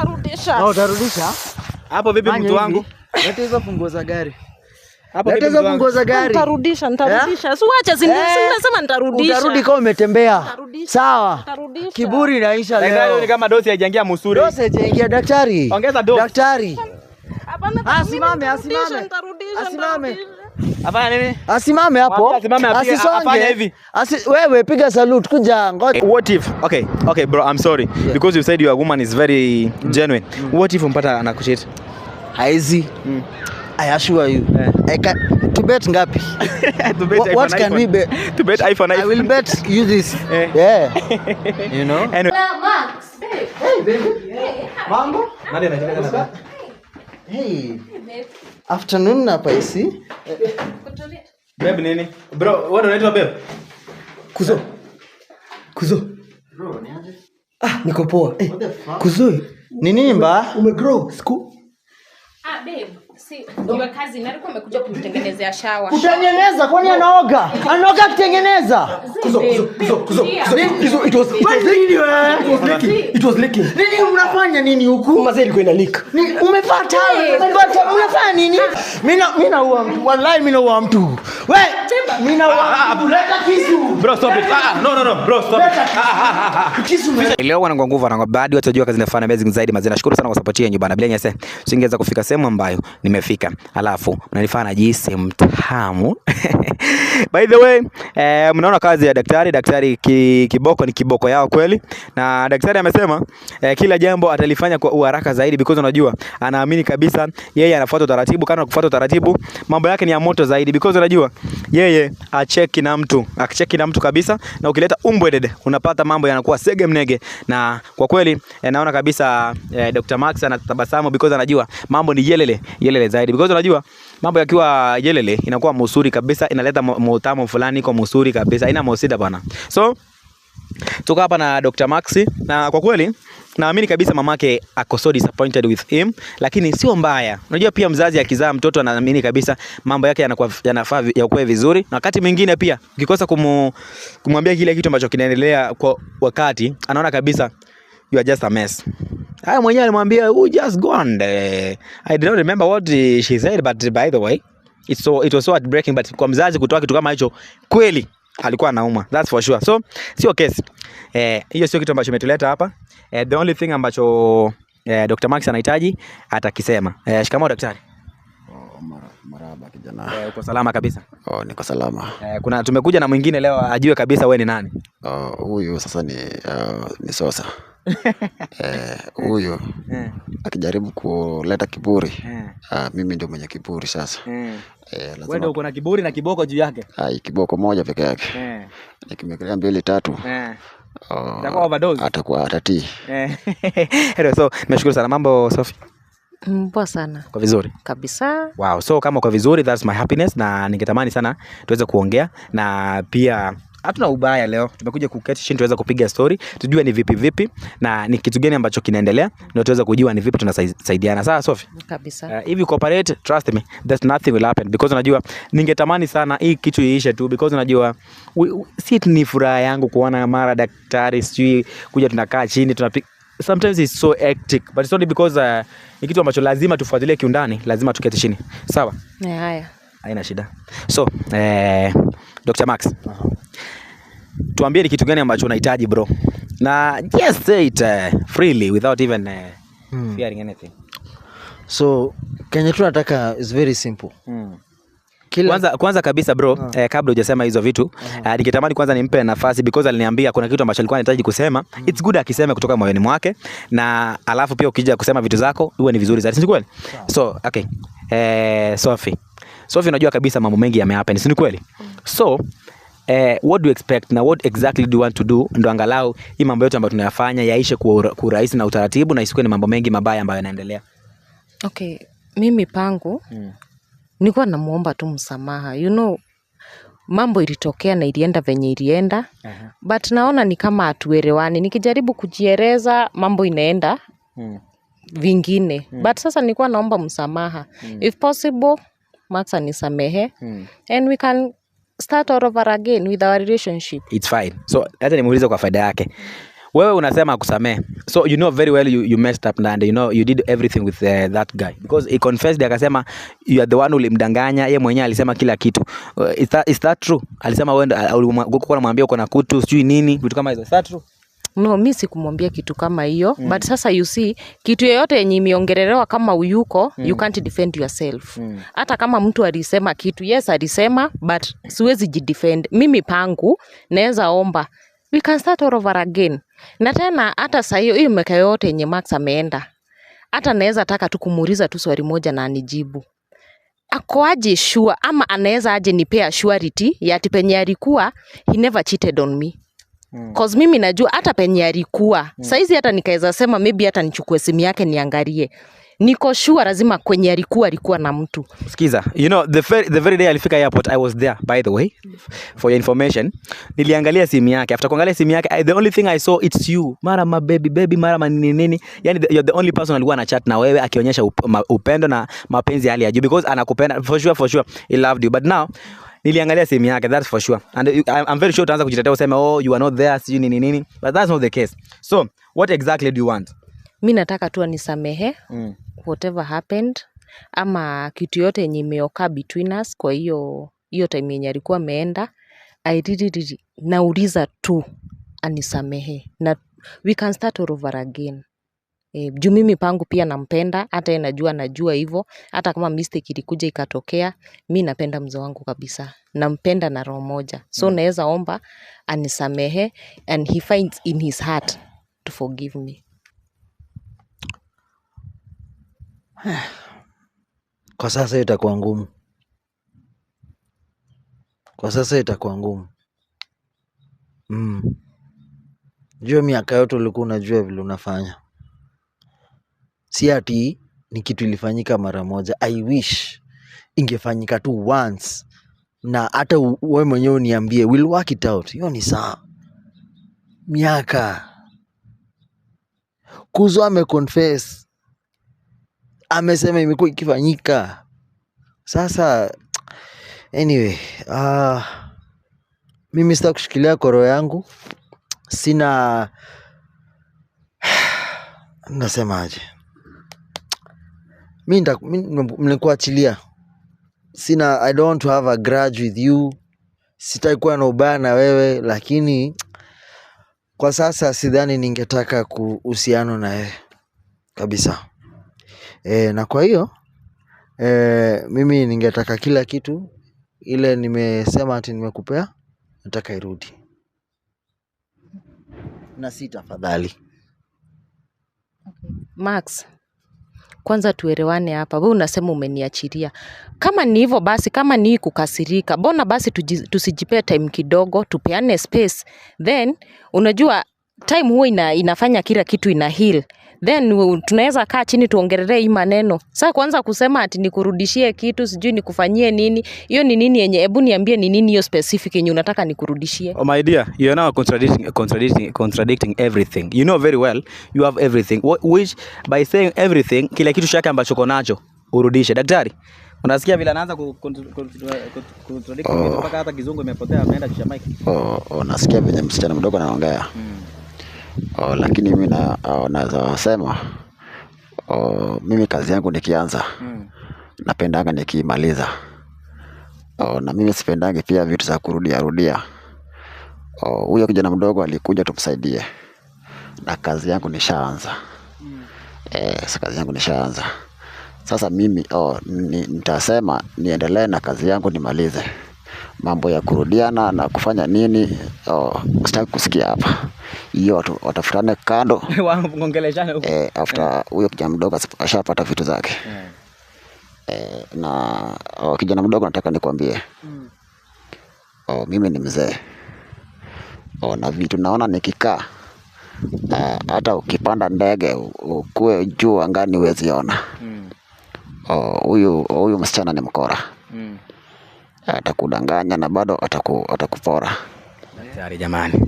Nitarudisha. Oh, utarudisha? Hapo vipi mtu wangu? Leta hizo funguo za gari. Hapo vipi hizo funguo za gari? Nitarudisha, nitarudisha. Eh? Si uache eh? zini, unasema nitarudisha. Utarudi kama umetembea. Sawa. Kiburi inaisha leo. Ndio ni kama dosi haijaingia msuri. Dosi haijaingia daktari. Ongeza dosi. Daktari. Hapana, asimame, asimame. Asimame. Afanye nini? Asimame hapo. Asimame hapo. Asisonge Asi wewe piga salute kuja ngoja. Eh, what if? Okay. Okay bro, I'm sorry yeah. because you said your woman is very mm. genuine. Mm. What if umpata anakushit? Haizi. Mm. I assure you. Yeah. I can to bet ngapi? to bet what, what can we bet? to bet iPhone, iPhone. I will bet you this. Eh. Yeah. yeah. you know? Anyway. Max. Hey, hey baby. Yeah. Mambo? Nani anacheka na baba? Hey. Hey baby afternoon na paisi beb nini bro wewe unaitwa beb kuzo kuzo bro niaje ah niko poa eh, fuck kuzo ni nini mba umegrow siku ah beb si shawa kutengeneza kwani anaoga anaoga kutengeneza kuzo kuzo kuzo kuzo unafanya nini huku? Mazee ilikuwa inalika. Ni, umepata? Hey, umepata? Unafanya nini? Mimi mimi naua mtu. Wallahi mimi naua mtu. Wewe chemba. kazi singeweza kufika sehemu ambayo nimefika. Alafu unanifanya najihisi mtamu. By the way, eh, mnaona kazi ya daktari. Daktari ki, kiboko ni kiboko yao kweli, na daktari amesema eh, kila jambo atalifanya kwa uharaka zaidi because unajua anaamini kabisa yeye anafuata utaratibu. Kana kufuata utaratibu, mambo yake ni ya moto zaidi because unajua ye, yeye acheki na mtu, akicheki na mtu kabisa, na ukileta umbwedede unapata mambo yanakuwa sege mnege. Na kwa kweli eh, naona kabisa eh, Dr. Max anatabasamu because anajua mambo ni yelele yelele zaidi, because unajua mambo yakiwa yelele inakuwa musuri kabisa, inaleta mutamu fulani kwa musuri kabisa, ina mosida bwana so Tuko hapa na Dr. Maxi na kwa kweli naamini kabisa mamake ako so disappointed with him, lakini sio mbaya. Unajua pia mzazi akizaa mtoto anaamini kabisa mambo yake yanakuwa yanafaa yakuwe vizuri, na wakati mwingine pia ukikosa kumu, kumwambia kile kitu ambacho kinaendelea kwa wakati, anaona kabisa you are just a mess. Haya mwenyewe alimwambia you just go and eh, I don't remember what she said but by the way it's so, it was so heartbreaking, but kwa mzazi kutoa kitu kama hicho kweli alikuwa anauma, that's for sure. So sio kesi eh, hiyo sio kitu ambacho imetuleta hapa eh, the only thing ambacho eh, Dr. Max anahitaji atakisema. Eh, shikamoo daktari. Oh, marahaba kijana. Eh, uko salama kabisa? Oh, niko salama. Eh, kuna tumekuja na mwingine leo ajue kabisa wewe ni nani. Oh, huyu sasa ni uh, ni Sosa. Eh, huyo eh, akijaribu kuleta kiburi eh, ah, mimi ndio mwenye kiburi sasa eh. Eh, Wewe ndio lazima uko na kiburi na kiboko juu yake ai kiboko moja peke yake eh. nikimekelea mbili tatu Eh. oh, overdose. atakuwa atatii. Eh. so nimeshukuru sana mambo Sophie. Mm, sana Kwa vizuri. kabisa. Wow, so kama kwa vizuri that's my happiness na ningetamani sana tuweze kuongea na pia hatuna ubaya leo, tumekuja kuketi chini tuweza kupiga story, tujue ni vipi vipi na ni kitu gani ambacho kinaendelea, ndio tuweza kujua ni vipi tunasaidiana. Sawa Sofi? Kabisa. Uh, if you cooperate, trust me that nothing will happen because unajua ningetamani sana hii kitu iishe tu because unajua si ni furaha yangu kuona mara daktari sijui kuja tunakaa chini tunapiga sometimes it's so hectic but it's only because uh, ni kitu ambacho lazima tufuatilie kiundani, lazima tuketi chini. Sawa? Yeah, haya. Haina shida. So, eh, Dr. Max. Aha. Tuambie ni kitu gani ambacho unahitaji bro. Na just say it uh, eh, freely without even uh, hmm. fearing anything. So, Kenya tu nataka is very simple. Hmm. Kila... Kwanza, kwanza kabisa bro uh. Eh, kabla hujasema hizo vitu uh hmm. -huh. eh, nikitamani kwanza nimpe nafasi because aliniambia kuna kitu ambacho alikuwa anahitaji kusema mm. It's good akisema kutoka moyoni mwake, na alafu pia ukija kusema vitu zako iwe ni vizuri zaidi, si kweli? So okay, eh, Sophie so hivyo unajua kabisa mambo mengi yamehappen, si ni kweli? So eh, what do you expect na what exactly do you want to do, ndo angalau hii mambo yote ambayo tunayafanya yaishe kwa urahisi na utaratibu na isikuwe ni mambo mengi mabaya ambayo yanaendelea. Okay, mimi pangu mm. nilikuwa namuomba tu msamaha you know, mambo ilitokea na ilienda venye ilienda uh-huh. but naona ni kama hatuelewani nikijaribu kujieleza mambo inaenda mm. vingine mm. but sasa nilikuwa naomba msamaha mm. if possible Max anisamehe mm. and we can start all over again with our relationship it's fine so hata nimuulize kwa faida yake wewe unasema kusamehe so you know very well you, you messed up and you know you did everything with uh, that guy because he confessed akasema you are the one ulimdanganya ye mwenyewe alisema kila kitu uh, is, that, is that true alisema wewe uh, ulimwambia uko na kutu sijui nini vitu kama hizo is that true No, mi sikumwambia kitu kama hiyo mm. But sasa you see kitu yoyote yenye imeongelelewa kama uyuko mm. you can't defend yourself mm. hata mm. kama mtu alisema kitu, yes alisema, but siwezi jidefend mimi. Pangu naweza omba we can start all over again, na tena hata saa hiyo hiyo miaka yote yenye Max ameenda, hata naweza taka tu kumuuliza tu swali moja na anijibu ako aje sure, ama anaweza aje nipea surety ya ati alikuwa he never cheated on me Mm. Cause mimi najua hata penye alikuwa mm. saizi, hata nikaweza sema maybe hata nichukue simu yake niangalie niko sure lazima kwenye alikuwa alikuwa na mtu. Sikiza, you know the very, the very day alifika airport I was there by the way for your information. Niliangalia simu yake. After kuangalia simu yake the only thing I saw it's you. Mara ma baby baby mara ma nini nini. Yani you're the only person alikuwa na chat na wewe akionyesha upendo na mapenzi hali ya juu because anakupenda for sure for sure he loved you. But now niliangalia simu yake, that's for sure, and I'm very sure utaanza kujitetea useme, oh you are not there, si nini nini, but that's not the case. So what exactly do you want? Mi nataka tu anisamehe mm. whatever happened, ama kitu yote yenye imeoka between us. Kwa hiyo hiyo time yenye alikuwa ameenda, I did it, nauliza tu anisamehe na we can start all over again. Eh, juu mimi pangu pia nampenda, hata yeye najua anajua hivo, hata kama mistake ilikuja ikatokea, mi napenda mzo wangu kabisa, nampenda na roho moja. So mm. naweza omba, anisamehe, and he finds in his heart to forgive me. Kwa sasa itakuwa ngumu. Kwa sasa itakuwa ngumu. mm. jua miaka yote ulikuwa unajua vile unafanya si ati ni kitu ilifanyika mara moja i wish ingefanyika tu once na hata we mwenyewe uniambie will work it out hiyo ni saa miaka kuzo ameconfess amesema imekuwa ikifanyika sasa anyway uh, mimi sita kushikilia koro yangu sina nasemaje mi nikuachilia sina i don't to have a grudge with you sitaki kuwa na ubaya na wewe lakini kwa sasa sidhani ningetaka kuhusiano na yeye kabisa e, na kwa hiyo e, mimi ningetaka kila kitu ile nimesema ati nimekupea nataka irudi na si tafadhali okay. max kwanza tuerewane hapa wewe unasema umeniachilia kama ni hivyo basi kama ni kukasirika mbona basi tusijipea tusijipee time kidogo tupeane space then unajua time huwa ina, inafanya kila kitu ina heal then tunaweza kaa chini tuongelele hii maneno. Sasa kwanza kusema ati nikurudishie kitu, sijui nikufanyie nini, hiyo ni nini yenye? Hebu niambie ni nini hiyo specific yenye unataka nikurudishie? Oh my dear, you are now contradicting, contradicting, contradicting everything. You know very well you have everything which by saying everything, kile kitu chake ambacho uko nacho urudishe. Daktari, unasikia vile anaanza ku contradict oh. mpaka hata kizungu imepotea, ameenda kisha mike. Oh, unasikia oh, vile msichana mdogo anaongea mm. O, lakini mimi na naweza sema mimi kazi yangu nikianza hmm. napendanga nikiimaliza na mimi sipendangi pia vitu za kurudia rudia huyo kijana mdogo alikuja tumsaidie na kazi yangu nishaanza hmm. eh, sa kazi yangu nishaanza sasa mimi nitasema niendelee na kazi yangu nimalize mambo ya kurudiana na kufanya nini oh, sitaki kusikia hapa hiyo watafutane kando eh, after eh. huyo yeah. kijana mdogo ashapata vitu zake yeah. eh, na oh, kijana mdogo nataka nikwambie mm. oh, mimi ni mzee oh, na vitu naona nikikaa uh, hata ukipanda ndege ukuwe juu angani uweziona hmm. oh, huyu mm. oh, huyu msichana ni mkora mm atakudanganya na bado ataku, atakupora. Daktari jamani,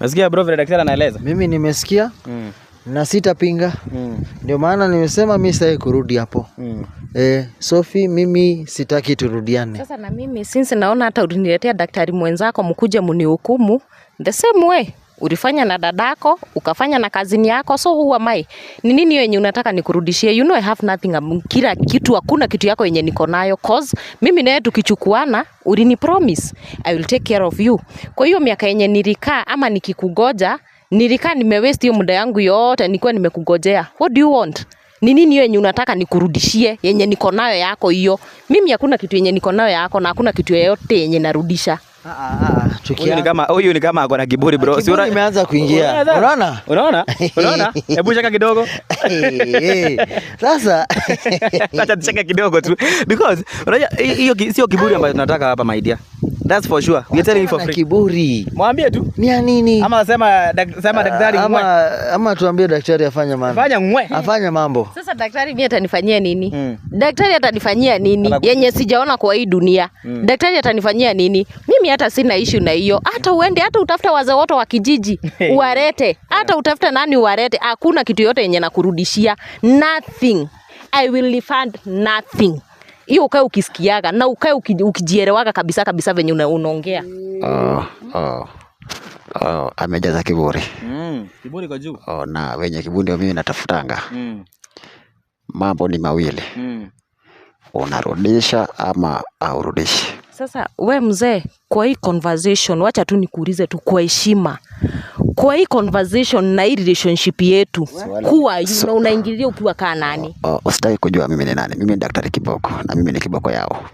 umesikia bro vile daktari anaeleza? Mimi nimesikia mm. na sitapinga mm. ndio maana nimesema mi sai kurudi hapo mm. Eh, Sofi, mimi sitaki turudiane. Sasa na mimi since naona hata uniletea daktari mwenzako mkuje mnihukumu the same way ulifanya na dadako, ukafanya na kazini yako, so huwa mai ni nini yenye unataka nikurudishie? You know I have nothing, um, kila kitu, hakuna kitu yako yenye niko nayo, cause mimi naye tukichukuana ulini promise I will take care of you. Kwa hiyo miaka yenye nilikaa ama nikikugoja, nilikaa nimewaste hiyo muda yangu yote nilikuwa nimekugojea. What do you want? ni nini yenye unataka nikurudishie yenye niko nayo yako hiyo? Mimi hakuna kitu yenye niko nayo yako na hakuna kitu yoyote yenye narudisha. Huyu ni kama huyu ni kama ako na kiburi bro. Si unaona imeanza kuingia. Unaona? Unaona? Unaona? Hebu cheka kidogo. Sasa acha tucheke kidogo tu because unajua hiyo sio kiburi ambayo tunataka hapa my dear. That's for sure. We are telling you for free. Kiburi. Mwambie tu. Ni ya nini? Ama sema sema ah, daktari ngwe. Ama ama tuambie daktari afanye mambo. Afanye mwe. Afanye mambo. Sasa daktari mimi atanifanyia nini? Mm. Daktari atanifanyia nini? Anaku... Yenye sijaona kwa hii dunia. Mm. Daktari atanifanyia nini? Mimi hata sina issue na hiyo. Hata uende hata utafute wazee wote wa kijiji uwarete. Hata utafute nani uwarete. Hakuna kitu yote yenye nakurudishia. Nothing. I will refund nothing hiyo ukae ukisikiaga na ukae ukijielewaga kabisa kabisa venye unaongea. Oh, oh. Oh, amejaza kiburi mm, kiburi kwa juu. Oh, na wenye kiburi ndio mimi natafutanga mm. Mambo ni mawili mm. Unarudisha ama aurudishi sasa we mzee, kwa hii conversation, wacha tu nikuulize tu kwa heshima, kwa hii conversation na hii relationship yetu kuwa you na unaingilia ukiwa kaa nani? Usitaki oh, oh, kujua mimi ni nani. Mimi ni Daktari Kiboko na mimi ni kiboko yao.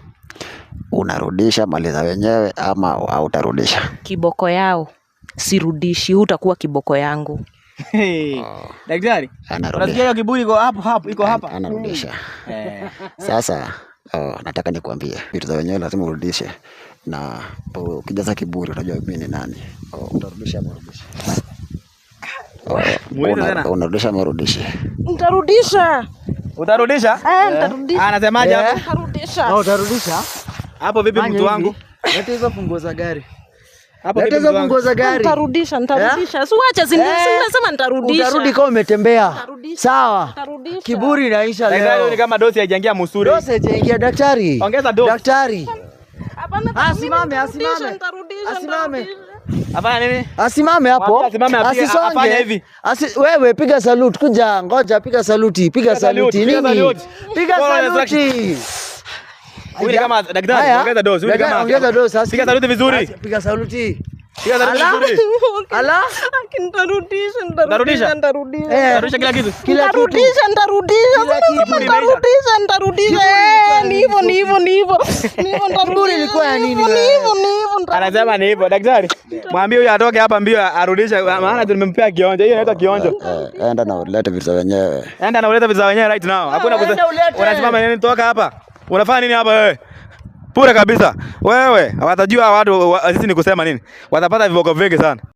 Unarudisha mali za wenyewe ama hautarudisha? Kiboko yao sirudishi, hutakuwa kiboko yangu. Oh. daktari, Anarudisha. kiburi iko hapo hapo, iko hapa. Anarudisha. Hmm. Sasa Uh, nataka nikwambie vitu za wenyewe lazima urudishe, na ukijaza kiburi unajua mimi ni nani. Uh, utarudisha mrudishi unarudisha marudishi Nitarudisha. Utarudisha? Eh, nitarudisha. Ah, anasemaje eh? hapo? Nitarudisha. Utarudisha hapo vipi mtu wangu? Leta hizo funguo za gari. Nateza funguo gari. Nitarudisha, nitarudisha. Eh? Si wacha eh? si nitarudisha. Utarudi kama umetembea. Sawa. Kiburi inaisha leo. Leo ni kama dosi haijaingia musuri. Dosi haijaingia daktari. Ongeza dosi. Daktari. Hapana. Asimame, asimame. Asimame. Hapana nini? Asimame hapo. Asisonge Asi, wewe piga saluti, kuja ngoja, piga saluti, piga saluti nini? Piga saluti kama daktari, ongeza dozi, ongeza dozi sasa. Piga saluti vizuri, piga saluti ntarudisha eh. kila kitu, ntarudisha, ntarudisha, ntarudisha. Eh, ni hivyo, ni hivyo, ni hivyo, ni hivyo. Kiburi ilikuwa ya nini? Ni hivyo, ni hivyo. Anasema ni hivyo. Daktari, mwambie huyo atoke hapa mbio, arudishe, maana tumempea kionjo. Hiyo inaitwa kionjo. Eh, enda na ulete vitu vyenyewe, enda na ulete vitu vyenyewe right now. Hakuna ah, kusimama nini, toka hapa. Unafanya nini hapa wewe? Pura kabisa. Wewe, watajua watu sisi ni kusema nini? Watapata viboko vingi sana.